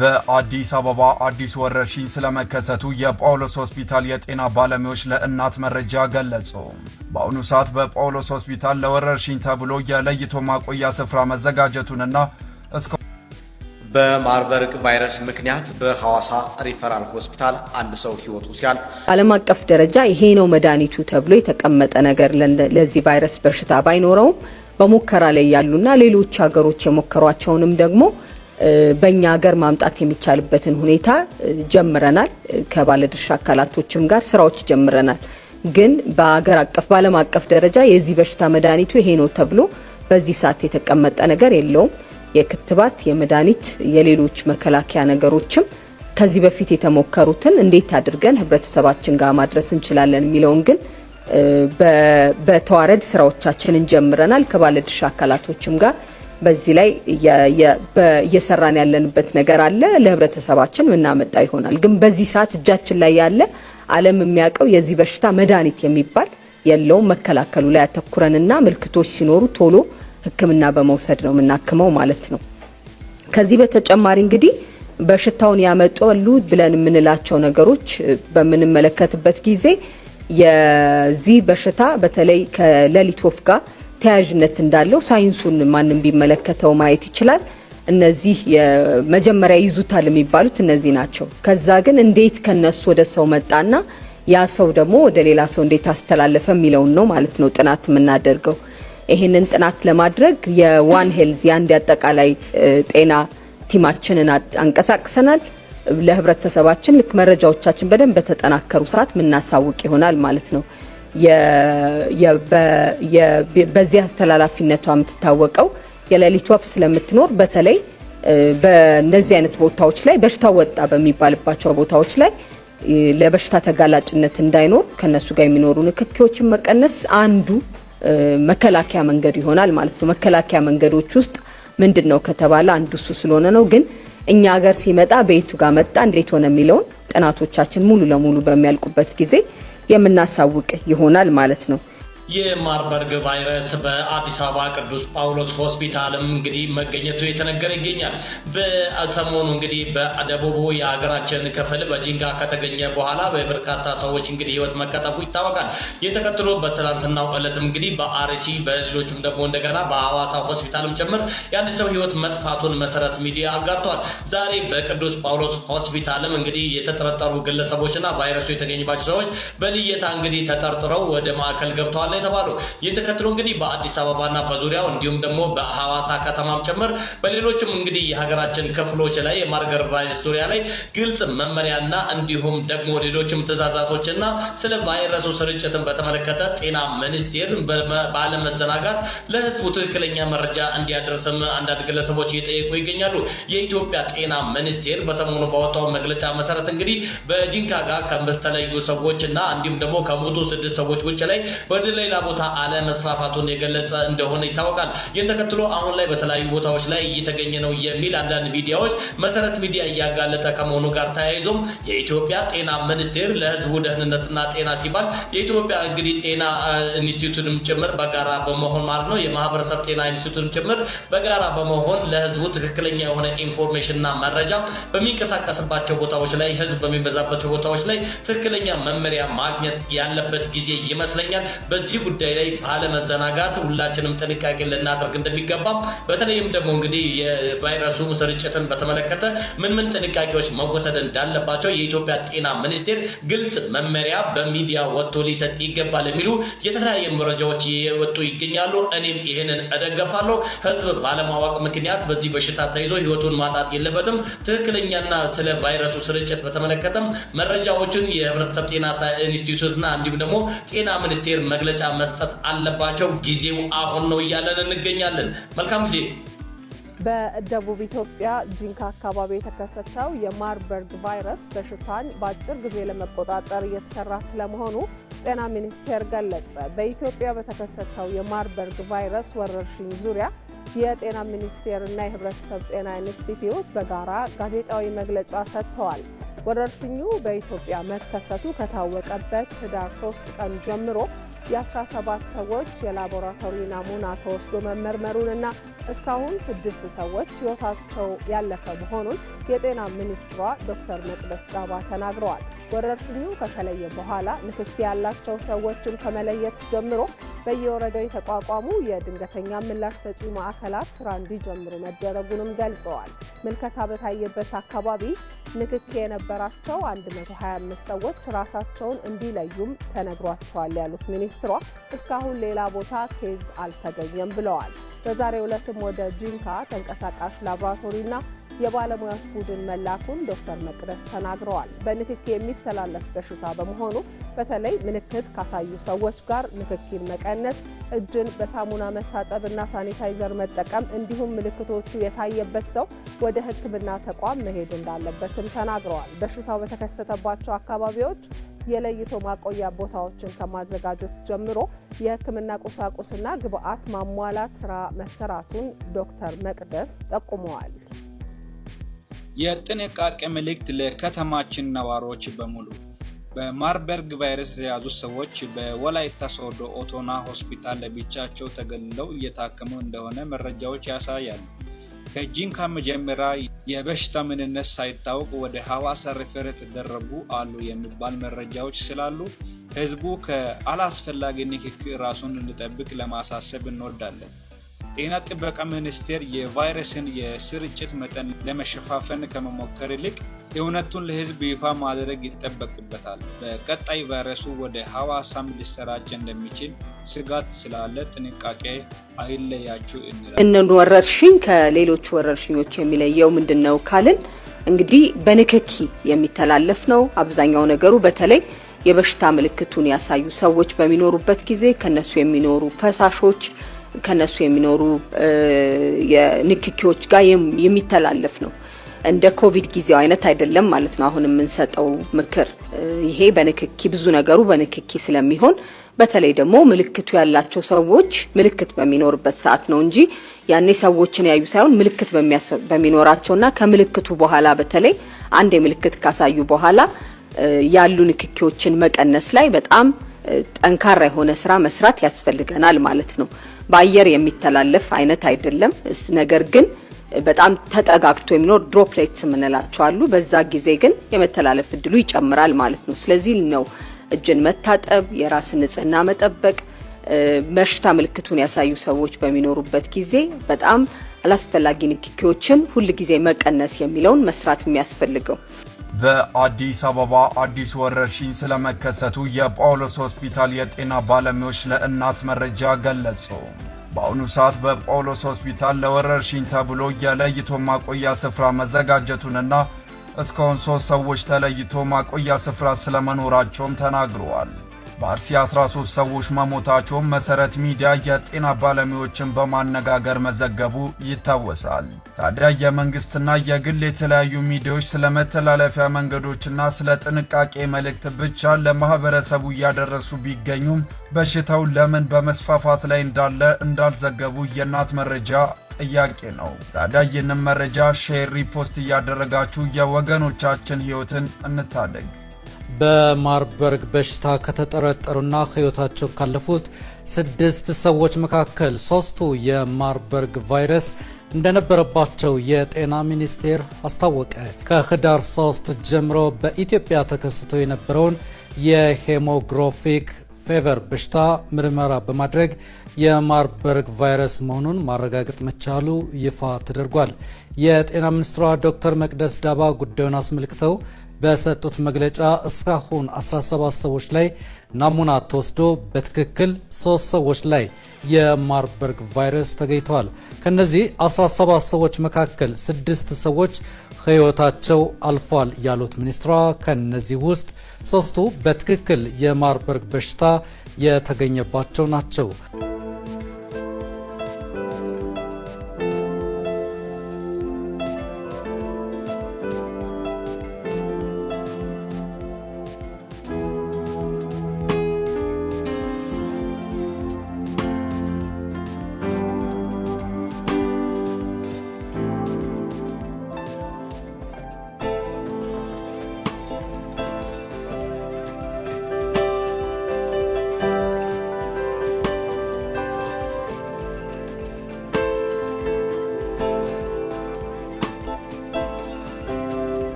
በአዲስ አበባ አዲስ ወረርሽኝ ስለመከሰቱ የጳውሎስ ሆስፒታል የጤና ባለሙያዎች ለእናት መረጃ ገለጹ። በአሁኑ ሰዓት በጳውሎስ ሆስፒታል ለወረርሽኝ ተብሎ የለይቶ ማቆያ ስፍራ መዘጋጀቱንና እስከ በማርበርግ ቫይረስ ምክንያት በሐዋሳ ሪፈራል ሆስፒታል አንድ ሰው ህይወቱ ሲያልፍ በዓለም አቀፍ ደረጃ ይሄ ነው መድኃኒቱ ተብሎ የተቀመጠ ነገር ለዚህ ቫይረስ በሽታ ባይኖረውም በሙከራ ላይ ያሉና ሌሎች ሀገሮች የሞከሯቸውንም ደግሞ በእኛ ሀገር ማምጣት የሚቻልበትን ሁኔታ ጀምረናል። ከባለድርሻ አካላቶችም ጋር ስራዎች ጀምረናል። ግን በሀገር አቀፍ በዓለም አቀፍ ደረጃ የዚህ በሽታ መድኃኒቱ ይሄ ነው ተብሎ በዚህ ሰዓት የተቀመጠ ነገር የለውም። የክትባት፣ የመድኃኒት፣ የሌሎች መከላከያ ነገሮችም ከዚህ በፊት የተሞከሩትን እንዴት አድርገን ህብረተሰባችን ጋር ማድረስ እንችላለን የሚለውን ግን በተዋረድ ስራዎቻችንን ጀምረናል ከባለድርሻ አካላቶችም ጋር በዚህ ላይ እየሰራን ያለንበት ነገር አለ። ለህብረተሰባችን ምናመጣ ይሆናል። ግን በዚህ ሰዓት እጃችን ላይ ያለ ዓለም የሚያውቀው የዚህ በሽታ መድኃኒት የሚባል የለውም። መከላከሉ ላይ አተኩረንና ምልክቶች ሲኖሩ ቶሎ ሕክምና በመውሰድ ነው የምናክመው ማለት ነው። ከዚህ በተጨማሪ እንግዲህ በሽታውን ያመጣሉ ብለን የምንላቸው ነገሮች በምንመለከትበት ጊዜ የዚህ በሽታ በተለይ ከሌሊት ወፍ ጋር ተያያዥነት እንዳለው ሳይንሱን ማንም ቢመለከተው ማየት ይችላል። እነዚህ የመጀመሪያ ይዙታል የሚባሉት እነዚህ ናቸው። ከዛ ግን እንዴት ከነሱ ወደ ሰው መጣና ያ ሰው ደግሞ ወደ ሌላ ሰው እንዴት አስተላለፈ የሚለውን ነው ማለት ነው ጥናት የምናደርገው። ይህንን ጥናት ለማድረግ የዋን ሄልዝ የአንድ አጠቃላይ ጤና ቲማችንን አንቀሳቅሰናል። ለህብረተሰባችን ልክ መረጃዎቻችን በደንብ በተጠናከሩ ሰዓት የምናሳውቅ ይሆናል ማለት ነው። በዚህ አስተላላፊነቷ የምትታወቀው የሌሊት ወፍ ስለምትኖር በተለይ በእነዚህ አይነት ቦታዎች ላይ በሽታ ወጣ በሚባልባቸው ቦታዎች ላይ ለበሽታ ተጋላጭነት እንዳይኖር ከነሱ ጋር የሚኖሩ ንክኪዎችን መቀነስ አንዱ መከላከያ መንገድ ይሆናል ማለት ነው። መከላከያ መንገዶች ውስጥ ምንድን ነው ከተባለ አንዱ እሱ ስለሆነ ነው። ግን እኛ ሀገር ሲመጣ በየቱ ጋር መጣ እንዴት ሆነ የሚለውን ጥናቶቻችን ሙሉ ለሙሉ በሚያልቁበት ጊዜ የምናሳውቅ ይሆናል ማለት ነው። የማርበርግ ቫይረስ በአዲስ አበባ ቅዱስ ጳውሎስ ሆስፒታልም እንግዲህ መገኘቱ የተነገረ ይገኛል። በሰሞኑ እንግዲህ በደቡቡ የሀገራችን ክፍል በጂንጋ ከተገኘ በኋላ በበርካታ ሰዎች እንግዲህ ህይወት መቀጠፉ ይታወቃል። የተከትሎ በትናንትናው ዕለትም እንግዲህ በአርሲ በሌሎችም ደግሞ እንደገና በሐዋሳ ሆስፒታልም ጭምር የአንድ ሰው ህይወት መጥፋቱን መሰረት ሚዲያ አጋርቷል። ዛሬ በቅዱስ ጳውሎስ ሆስፒታልም እንግዲህ የተጠረጠሩ ግለሰቦችና ቫይረሱ የተገኘባቸው ሰዎች በልየታ እንግዲህ ተጠርጥረው ወደ ማዕከል ገብተዋል። የተባለው። ይህን ተከትሎ እንግዲህ በአዲስ አበባና በዙሪያው እንዲሁም ደግሞ በሐዋሳ ከተማም ጭምር በሌሎችም እንግዲህ የሀገራችን ክፍሎች ላይ የማርገር ቫይረስ ዙሪያ ላይ ግልጽ መመሪያና እንዲሁም ደግሞ ሌሎችም ትእዛዛቶችና ስለ ቫይረሱ ስርጭትን በተመለከተ ጤና ሚኒስቴር ባለመዘናጋት ለህዝቡ ትክክለኛ መረጃ እንዲያደርስም አንዳንድ ግለሰቦች እየጠየቁ ይገኛሉ። የኢትዮጵያ ጤና ሚኒስቴር በሰሞኑ ባወጣው መግለጫ መሰረት እንግዲህ በጂንካ ጋር ከተለዩ ሰዎች እና እንዲሁም ደግሞ ከሞቱ ስድስት ሰዎች ውጭ ላይ ወደ ሌላ ቦታ አለመስፋፋቱን የገለጸ እንደሆነ ይታወቃል። ይህን ተከትሎ አሁን ላይ በተለያዩ ቦታዎች ላይ እየተገኘ ነው የሚል አንዳንድ ሚዲያዎች መሰረት ሚዲያ እያጋለጠ ከመሆኑ ጋር ተያይዞም የኢትዮጵያ ጤና ሚኒስቴር ለህዝቡ ደህንነትና ጤና ሲባል የኢትዮጵያ እንግዲህ ጤና ኢንስቲትዩትንም ጭምር በጋራ በመሆን ማለት ነው የማህበረሰብ ጤና ኢንስቲትዩትንም ጭምር በጋራ በመሆን ለህዝቡ ትክክለኛ የሆነ ኢንፎርሜሽንና መረጃ በሚንቀሳቀስባቸው ቦታዎች ላይ ህዝብ በሚበዛባቸው ቦታዎች ላይ ትክክለኛ መመሪያ ማግኘት ያለበት ጊዜ ይመስለኛል። በዚህ በዚህ ጉዳይ ላይ ባለመዘናጋት ሁላችንም ጥንቃቄ ልናደርግ እንደሚገባ በተለይም ደግሞ እንግዲህ የቫይረሱ ስርጭትን በተመለከተ ምን ምን ጥንቃቄዎች መወሰድ እንዳለባቸው የኢትዮጵያ ጤና ሚኒስቴር ግልጽ መመሪያ በሚዲያ ወጥቶ ሊሰጥ ይገባል የሚሉ የተለያየ መረጃዎች የወጡ ይገኛሉ። እኔም ይህንን እደገፋለሁ። ህዝብ ባለማወቅ ምክንያት በዚህ በሽታ ተይዞ ህይወቱን ማጣት የለበትም። ትክክለኛና ስለ ቫይረሱ ስርጭት በተመለከተም መረጃዎችን የህብረተሰብ ጤና ኢንስቲትዩትና እንዲሁም ደግሞ ጤና ሚኒስቴር መግለጫ መግለጫ መስጠት አለባቸው። ጊዜው አሁን ነው እያለን እንገኛለን። መልካም ጊዜ። በደቡብ ኢትዮጵያ ጂንካ አካባቢ የተከሰተው የማርበርግ ቫይረስ በሽታን በአጭር ጊዜ ለመቆጣጠር እየተሰራ ስለመሆኑ ጤና ሚኒስቴር ገለጸ። በኢትዮጵያ በተከሰተው የማርበርግ ቫይረስ ወረርሽኝ ዙሪያ የጤና ሚኒስቴር እና የሕብረተሰብ ጤና ኢንስቲትዩት በጋራ ጋዜጣዊ መግለጫ ሰጥተዋል። ወረርሽኙ በኢትዮጵያ መከሰቱ ከታወቀበት ህዳር 3 ቀን ጀምሮ የ17 ሰዎች የላቦራቶሪ ናሙና ተወስዶ መመርመሩንና እስካሁን ስድስት ሰዎች ህይወታቸው ያለፈ መሆኑን የጤና ሚኒስትሯ ዶክተር መቅደስ ዳባ ተናግረዋል። ወረርሽኙ ከተለየ በኋላ ንክኪ ያላቸው ሰዎችን ከመለየት ጀምሮ በየወረዳው የተቋቋሙ የድንገተኛ ምላሽ ሰጪ ማዕከላት ስራ እንዲጀምሩ መደረጉንም ገልጸዋል። ምልከታ በታየበት አካባቢ ንክኪ የነበራቸው 125 ሰዎች ራሳቸውን እንዲለዩም ተነግሯቸዋል ያሉት ሚኒስትሯ እስካሁን ሌላ ቦታ ኬዝ አልተገኘም ብለዋል። በዛሬው ዕለትም ወደ ጂንካ ተንቀሳቃሽ ላቦራቶሪና የባለሙያዎች ቡድን መላኩን ዶክተር መቅደስ ተናግረዋል። በንክኪ የሚተላለፍ በሽታ በመሆኑ በተለይ ምልክት ካሳዩ ሰዎች ጋር ንክኪን መቀነስ፣ እጅን በሳሙና መታጠብና ሳኒታይዘር መጠቀም እንዲሁም ምልክቶቹ የታየበት ሰው ወደ ሕክምና ተቋም መሄድ እንዳለበትም ተናግረዋል። በሽታው በተከሰተባቸው አካባቢዎች የለይቶ ማቆያ ቦታዎችን ከማዘጋጀት ጀምሮ የህክምና ቁሳቁስና ግብዓት ማሟላት ስራ መሰራቱን ዶክተር መቅደስ ጠቁመዋል። የጥንቃቄ መልእክት ለከተማችን ነዋሪዎች በሙሉ። በማርበርግ ቫይረስ የተያዙ ሰዎች በወላይታ ሶዶ ኦቶና ሆስፒታል ለብቻቸው ተገልለው እየታከሙ እንደሆነ መረጃዎች ያሳያሉ። ከጂንካ መጀመሪያ የበሽታ ምንነት ሳይታወቅ ወደ ሐዋሳ ሪፈር የተደረጉ አሉ የሚባል መረጃዎች ስላሉ ህዝቡ ከአላስፈላጊ ንክክ ራሱን እንዲጠብቅ ለማሳሰብ እንወዳለን። ጤና ጥበቃ ሚኒስቴር የቫይረስን የስርጭት መጠን ለመሸፋፈን ከመሞከር ይልቅ እውነቱን ለሕዝብ ይፋ ማድረግ ይጠበቅበታል። በቀጣይ ቫይረሱ ወደ ሐዋሳም ሊሰራጭ እንደሚችል ስጋት ስላለ ጥንቃቄ አይለያችሁ እንላል። እነን ወረርሽኝ ከሌሎች ወረርሽኞች የሚለየው ምንድን ነው ካልን እንግዲህ በንክኪ የሚተላለፍ ነው። አብዛኛው ነገሩ በተለይ የበሽታ ምልክቱን ያሳዩ ሰዎች በሚኖሩበት ጊዜ ከነሱ የሚኖሩ ፈሳሾች ከነሱ የሚኖሩ ንክኪዎች ጋር የሚተላለፍ ነው። እንደ ኮቪድ ጊዜው አይነት አይደለም ማለት ነው። አሁን የምንሰጠው ምክር ይሄ በንክኪ ብዙ ነገሩ በንክኪ ስለሚሆን በተለይ ደግሞ ምልክቱ ያላቸው ሰዎች ምልክት በሚኖርበት ሰዓት ነው እንጂ ያኔ ሰዎችን ያዩ ሳይሆን ምልክት በሚኖራቸውና ከምልክቱ በኋላ በተለይ አንድ የምልክት ካሳዩ በኋላ ያሉ ንክኪዎችን መቀነስ ላይ በጣም ጠንካራ የሆነ ስራ መስራት ያስፈልገናል ማለት ነው። በአየር የሚተላለፍ አይነት አይደለም። ነገር ግን በጣም ተጠጋግቶ የሚኖር ድሮፕሌትስ የምንላቸው አሉ። በዛ ጊዜ ግን የመተላለፍ እድሉ ይጨምራል ማለት ነው። ስለዚህ ነው እጅን መታጠብ፣ የራስን ንጽህና መጠበቅ በሽታ ምልክቱን ያሳዩ ሰዎች በሚኖሩበት ጊዜ በጣም አላስፈላጊ ንክኪዎችን ሁል ጊዜ መቀነስ የሚለውን መስራት የሚያስፈልገው በአዲስ አበባ አዲስ ወረርሽኝ ስለመከሰቱ የጳውሎስ ሆስፒታል የጤና ባለሙያዎች ለእናት መረጃ ገለጹ። በአሁኑ ሰዓት በጳውሎስ ሆስፒታል ለወረርሽኝ ተብሎ የለይቶ ማቆያ ስፍራ መዘጋጀቱንና እስካሁን ሶስት ሰዎች ተለይቶ ማቆያ ስፍራ ስለመኖራቸውም ተናግረዋል። በአርሲ 13 ሰዎች መሞታቸውን መሰረት ሚዲያ የጤና ባለሙያዎችን በማነጋገር መዘገቡ ይታወሳል። ታዲያ የመንግስትና የግል የተለያዩ ሚዲያዎች ስለ መተላለፊያ መንገዶችና ስለ ጥንቃቄ መልእክት ብቻ ለማህበረሰቡ እያደረሱ ቢገኙም በሽታው ለምን በመስፋፋት ላይ እንዳለ እንዳልዘገቡ የእናት መረጃ ጥያቄ ነው። ታዲያ ይህንን መረጃ ሼር፣ ሪፖስት እያደረጋችሁ የወገኖቻችን ህይወትን እንታደግ። በማርበርግ በሽታ ከተጠረጠሩና ሕይወታቸው ካለፉት ስድስት ሰዎች መካከል ሶስቱ የማርበርግ ቫይረስ እንደነበረባቸው የጤና ሚኒስቴር አስታወቀ። ከህዳር 3 ጀምሮ በኢትዮጵያ ተከስቶ የነበረውን የሄሞግሮፊክ ፌቨር በሽታ ምርመራ በማድረግ የማርበርግ ቫይረስ መሆኑን ማረጋገጥ መቻሉ ይፋ ተደርጓል። የጤና ሚኒስትሯ ዶክተር መቅደስ ዳባ ጉዳዩን አስመልክተው በሰጡት መግለጫ እስካሁን 17 ሰዎች ላይ ናሙና ተወስዶ በትክክል ሶስት ሰዎች ላይ የማርበርግ ቫይረስ ተገኝተዋል። ከነዚህ 17 ሰዎች መካከል ስድስት ሰዎች ሕይወታቸው አልፏል ያሉት ሚኒስትሯ ከነዚህ ውስጥ ሶስቱ በትክክል የማርበርግ በሽታ የተገኘባቸው ናቸው።